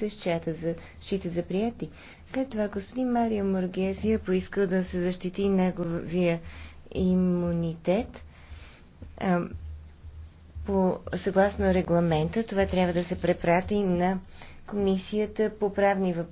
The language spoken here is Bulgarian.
се счита за, счита за прияти. След това господин Марио Моргезия е поискал да се защити неговия имунитет. по, съгласно регламента, това трябва да се препрати на Комисията по правни въпроси.